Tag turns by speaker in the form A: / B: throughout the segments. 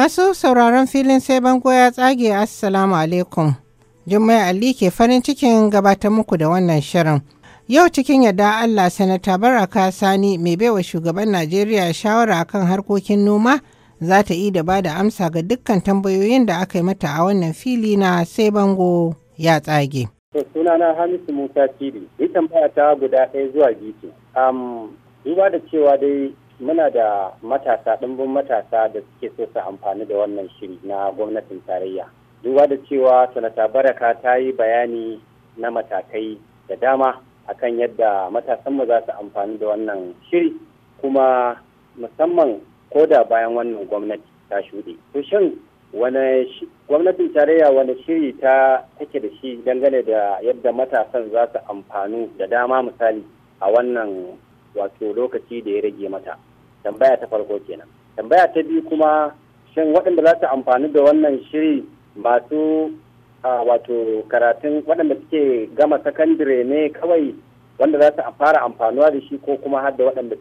A: Masu sauraron filin sai bango ya tsage Assalamu alaikum. Jummai Ali ke farin cikin gabatar muku da wannan shirin. Yau cikin yadda Allah sanata baraka sani mai baiwa shugaban Najeriya shawara kan harkokin noma za ta yi da bada amsa ga dukkan tambayoyin da aka yi mata a wannan fili na sai bango ya tsage.
B: sunana Hamisu Musa Tiri, ni guda ɗaya zuwa biyu. duba da cewa dai muna da matasa ɗimbin matasa da suke so su amfani da wannan shiri na gwamnatin tarayya duba da cewa sanata baraka ta yi bayani na matakai da dama akan yadda matasanmu za su amfani da wannan shiri kuma musamman ko da bayan wannan gwamnati ta shuɗe to gwamnatin tarayya wani shiri ta take da shi dangane da yadda matasan za su amfanu da dama misali a wannan wato lokaci da ya rage mata tambaya ta farko kenan tambaya ta biyu kuma shin waɗanda za su amfani da wannan shiri masu wato karatun waɗanda suke gama sakandire ne kawai wanda za su fara amfanuwa da shi ko kuma har da waɗanda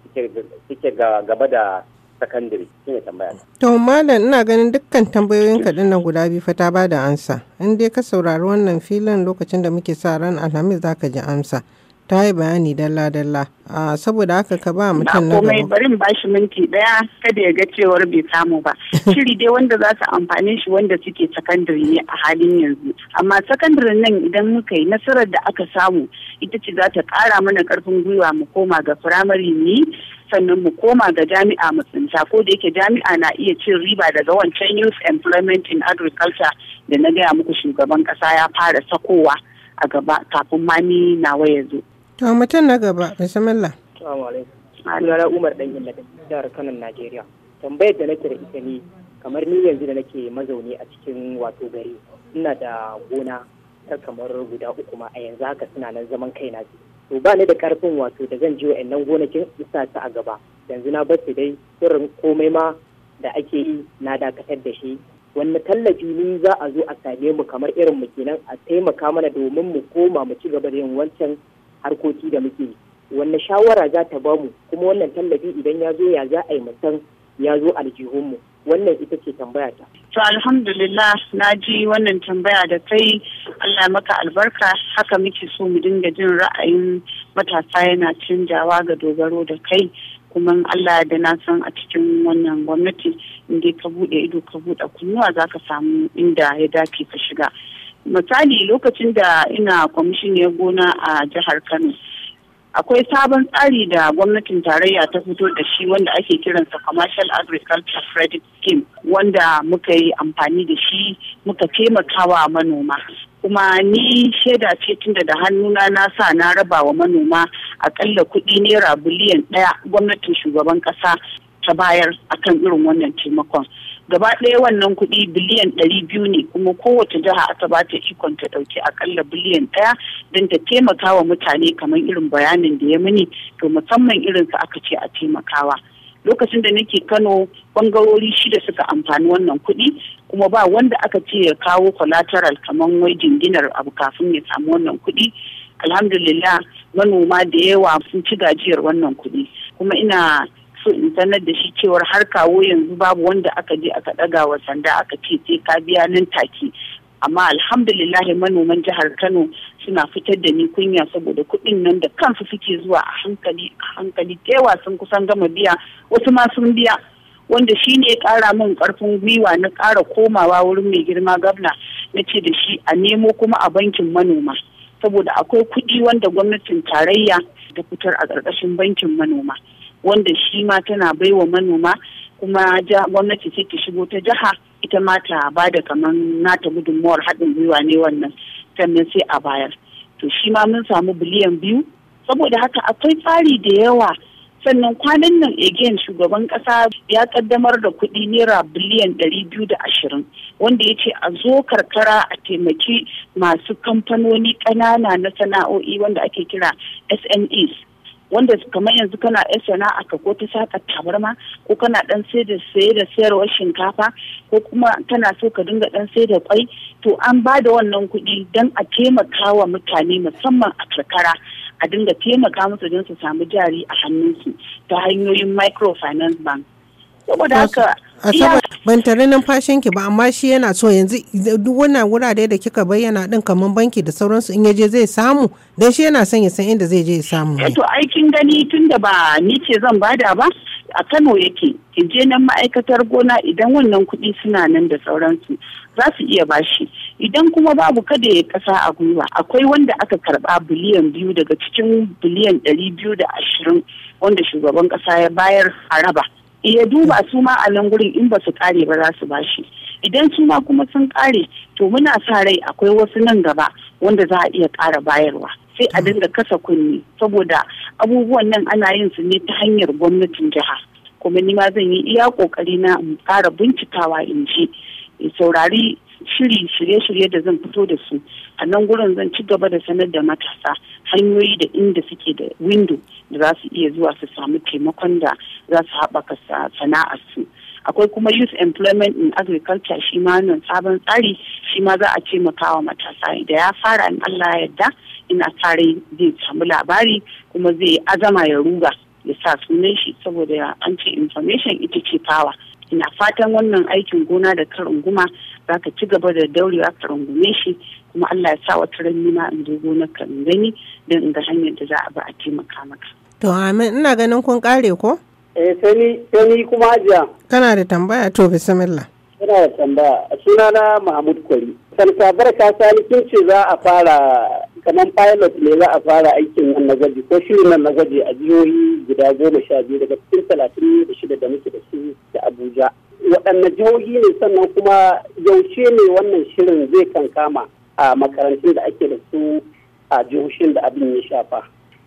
B: suke gaba da sakandire shi ne tambaya
A: to malam ina ganin dukkan tambayoyin kaɗin nan guda biyu fa ta ba da amsa in dai ka saurari wannan filin lokacin da muke sa ran alhamis za ka ji amsa ta yi bayani dalla-dalla saboda haka ka ba mutum na komai
B: bari in bashi minti daya kada ya ga cewar bai samu ba shiri dai wanda za su amfani shi wanda suke sakandare ne a halin yanzu amma sakandare nan idan muka yi nasarar da aka samu ita ce za ta kara mana karfin gwiwa mu koma ga firamare ne sannan mu koma ga jami'a mu tsinta ko da yake jami'a na iya cin riba daga wancan youth employment in agriculture da na gaya muku shugaban kasa ya fara sakowa a gaba kafin mami na nawa ya zo
A: To mutum na gaba, bismillah.
B: Assalamu alaikum. Umar dan Yalla da jihar Kano, Najeriya. Tambayar da nake da ita ne kamar ni yanzu da nake mazauni a cikin wato gari. Ina da gona ta kamar guda uku ma a yanzu haka suna nan zaman kai na To ba ni da karfin wato da zan je wa'annan gonakin isa ta a gaba. Yanzu na bar su dai irin komai ma da ake yi na dakatar da shi wanne tallafi ni za a zo a same mu kamar irin mu kenan a taimaka mana domin mu koma mu ci gaba da yin wancan harkoki da muke wanne shawara za ta bamu kuma wannan tallafi idan ya zo ya za a yi mutan ya zo aljihunmu wannan ita ce tambaya ta. To alhamdulillah na ji wannan tambaya da kai Allah maka albarka haka muke so mu dinga jin ra'ayin matasa yana canjawa ga dogaro da kai kuma Allah da na san a cikin wannan gwamnati inda ka buɗe ido ka buɗe kunnuwa za ka samu inda ya dace ka shiga. misali lokacin da ina kwamishin ya gona a jihar kano akwai sabon tsari da gwamnatin tarayya ta fito da shi wanda ake kiransa commercial agriculture credit scheme wanda muka yi amfani da shi muka taimakawa manoma kuma ni shaida ce tunda da hannuna na sa na raba wa manoma akalla kuɗi naira biliyan ɗaya gwamnatin shugaban ƙasa ta bayar akan irin wannan taimakon gaba ɗaya wannan kuɗi biliyan ɗari biyu ne kuma kowace jiha aka ba ta ikon ta ɗauki akalla biliyan ɗaya don ta taimaka wa mutane kamar irin bayanin da ya mini to musamman irin su aka ce a taimakawa lokacin da nake kano bangarori shida suka amfani wannan kuɗi kuma ba wanda aka ce ya kawo collateral kamar wai jinginar abu kafin ya samu wannan kuɗi alhamdulillah manoma da yawa sun ci gajiyar wannan kuɗi kuma ina so in sanar da shi cewar har kawo yanzu babu wanda aka je aka ɗaga wa sanda aka ce sai ka biya nan take amma alhamdulillahi manoman jihar kano suna fitar da ni kunya saboda kuɗin nan da kansu suke zuwa a hankali a hankali tewa sun kusan gama biya wasu ma sun biya wanda shi ne ya ƙara min karfin gwiwa na kara komawa wurin mai girma gabna na ce da shi a nemo kuma a bankin manoma saboda akwai kuɗi wanda gwamnatin tarayya ta fitar a ƙarƙashin bankin manoma wanda shi ma tana baiwa manoma kuma gwamnati ce ta shigo ta jiha ita ma ta ba da kamar nata gudunmawar haɗin gwiwa ne wannan sannan sai a bayar to shi ma mun samu biliyan biyu saboda haka akwai tsari da yawa sannan kwanan nan again shugaban kasa ya kaddamar da kuɗi naira biliyan ɗari biyu da ashirin wanda ya ce a zo karkara a taimaki masu kamfanoni ƙanana na sana'o'i wanda ake kira smes wanda kamar yanzu kana yan sana'a ka ko ta saka tabarma ko kana dan sai da saye da sayarwar shinkafa ko kuma kana so ka dinga dan sai da kwai to an ba da wannan kuɗi don a taimaka wa mutane musamman a karkara a dinga taimaka musu don su samu jari a hannunsu ta hanyoyin microfinance bank saboda haka
A: ban tare numfashin ki ba amma shi yana so yanzu duk wannan wurare da kika bayyana din kamar banki da sauransu in yaje zai samu dan shi yana son ya san inda zai je ya samu eh to aikin gani tunda ba ni ce zan bada
B: ba a Kano yake ki je nan ma'aikatar gona idan wannan kuɗi suna nan da sauransu za su iya bashi idan kuma babu kada ya kasa a gwiwa akwai wanda aka karba biliyan biyu daga cikin biliyan ɗari biyu da ashirin wanda shugaban ƙasa ya bayar a raba ya duba su ma a nan gurin in ba su kare ba za su bashi idan su ma kuma sun kare to muna sa rai akwai wasu nan gaba wanda za a iya ƙara bayarwa sai a dinga kasa kunni saboda abubuwan nan ana yin su ne ta hanyar gwamnatin jiha kuma ni ma zan yi iya ƙoƙari na in ƙara bincikawa in ji saurari shiri shirye-shirye da zan fito da su a nan gurin zan ci gaba da sanar da matasa hanyoyi da inda suke da windo da za su iya zuwa su samu taimakon da za su haɓaka sana'ar su akwai kuma youth employment in agriculture shi ma nan sabon tsari shi ma za a taimakawa matasa da ya fara in Allah yadda ina tare zai samu labari kuma zai azama ya ruga ya sa sunan shi saboda an ce information ita ce power ina fatan wannan aikin gona da ta runguma za ka ci gaba da daurewa ka rungume shi kuma Allah ya sa wata ran ma in zo gona ka gani don in ga hanyar da za a ba a taimaka maka.
A: To amin ina ganin kun kare ko?
B: Eh sani sani kuma ajiya.
A: Kana da tambaya to bismillah.
B: Kana da tambaya sunana Mahmud Kwari. Santa barka sani kin ce za a fara kamar pilot ne za a fara aikin nan na gwaji ko shirin nan na gwaji a jihohi guda goma sha biyu daga cikin talatin da shida da muke da su da abuja waɗanne jihohi ne sannan kuma yaushe ne wannan shirin zai kankama a makarantun da ake da su a jihohin da abin ya shafa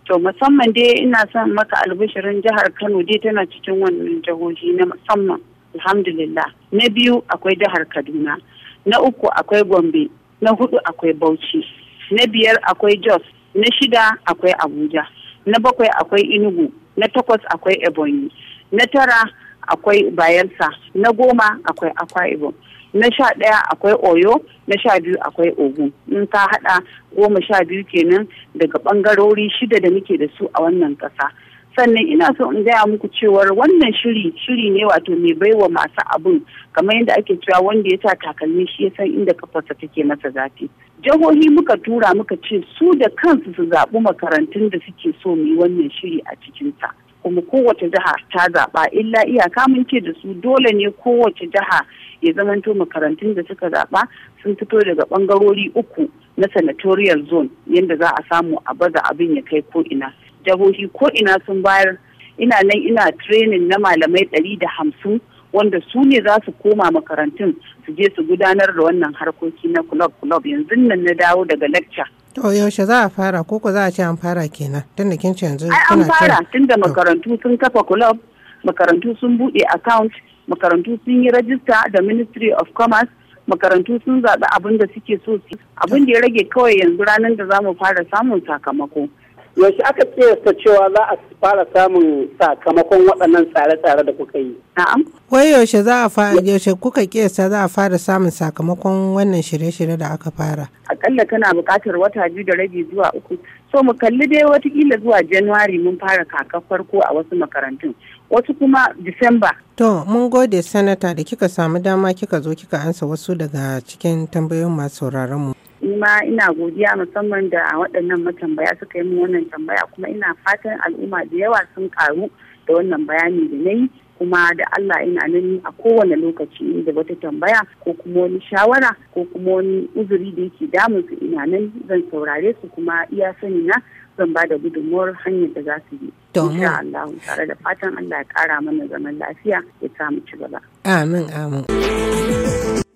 B: to musamman dai ina son maka albishirin jihar kano dai tana cikin wannan jihohi na musamman alhamdulillah na biyu akwai jihar kaduna na uku akwai gombe na hudu akwai bauchi na biyar akwai jos na shida akwai abuja na bakwai akwai inugu na takwas akwai ebonyi na tara akwai bayelsa na goma akwai akwa ibom na sha ɗaya akwai oyo na sha biyu akwai ogun in ka hada goma sha biyu kenan daga bangarori shida da muke da su a wannan ƙasa sannan ina so in gaya muku cewar wannan shiri shiri ne wato mai baiwa masu abin kamar yadda ake cewa wanda ya sa takalmi shi ya san inda kafarsa take masa zafi jihohi muka tura muka ce su da kansu su zaɓi makarantun da suke so mu yi wannan shiri a cikinsa kuma kowace jiha ta zaɓa illa iyaka mun ce da su dole ne kowace jiha ya zamanto makarantun da suka zaɓa sun fito daga ɓangarori uku na senatorial zone yadda za a samu a baza abin ya kai ko ina jahohi ko ina sun bayar ina nan ina training na malamai ɗari da hamsin wanda su ne za su koma makarantun su je su gudanar da wannan harkoki na club club yanzu nan na dawo daga lecture
A: To yaushe za a fara ko ko za a ce an fara kenan tun da kin ce yanzu Ai an fara tun da
B: makarantu sun kafa club makarantu sun bude account makarantu sun yi rajista da Ministry of Commerce makarantu sun zaɓi abin da suke so su abin da ya rage kawai yanzu ranar da za mu fara samun sakamako. yaushe aka kiyasta cewa za a fara samun sakamakon waɗannan tsare-tsare da kuka yi
A: na'am wai yaushe za a fara yaushe kuka kiyasta za a fara samun sakamakon wannan shirye-shirye da aka fara
B: akalla kana buƙatar wata biyu da rabi zuwa uku so mu kalli dai watakila zuwa januwari mun fara kaka farko a wasu makarantun
A: wasu kuma disamba to mun gode sanata da kika samu dama kika zo kika ansa wasu daga cikin tambayoyin masu sauraron mu
B: ma ina godiya musamman da waɗannan matambaya suka yi min wannan tambaya kuma ina fatan al'umma da yawa sun karu da wannan bayani da na yi kuma da Allah ina nan a kowane lokaci da wata tambaya ko kuma wani shawara ko kuma wani uzuri da yake damun su ina nan zan saurare su kuma iya sani na zan ba da gudunmuwar hanyar da za su bi. Domin. Allah tare da fatan Allah ya kara mana zaman lafiya ya samu ci gaba.
A: Amin amin.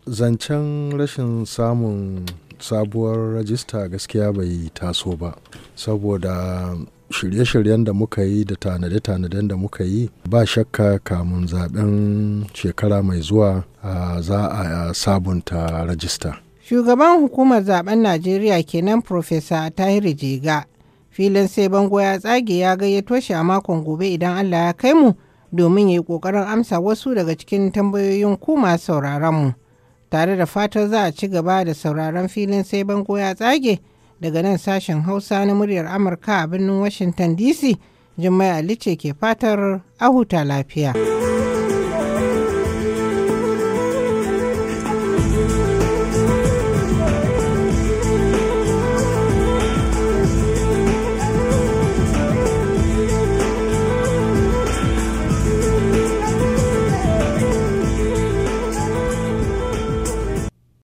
A: Zancen rashin samun sabuwar rajista gaskiya bai taso ba saboda shirye-shiryen da muka yi da tanade-tanaden da muka yi ba shakka kamun zaben shekara mai zuwa za a
B: sabunta rajista
A: shugaban hukumar zaben najeriya kenan profesa Tahir jega filin sai bango ya tsage ya gayyato shi a makon gobe idan allah ya kai mu domin ya yi kokarin amsa wasu daga cikin tambayoyin ku masu sauraron mu tare da fatar za a ci gaba da sauraron filin sai bango ya tsage daga nan sashen hausa na muryar amurka a birnin washington dc jimai ali ke fatar a huta lafiya.